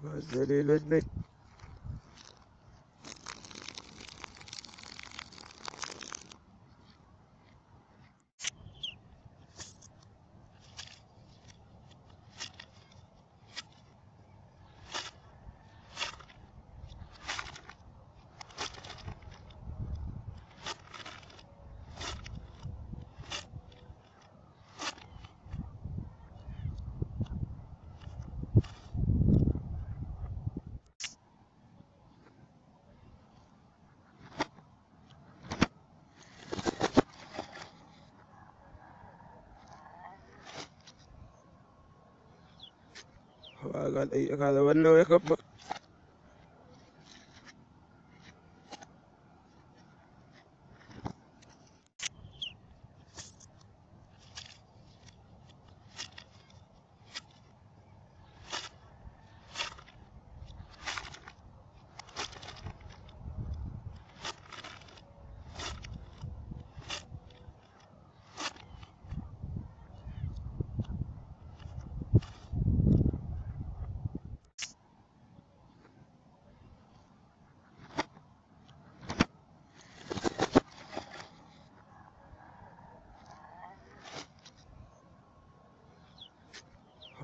Mark was dealing with me. هذا وأنه يكبر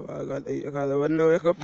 waagal ay kala wanne wey xop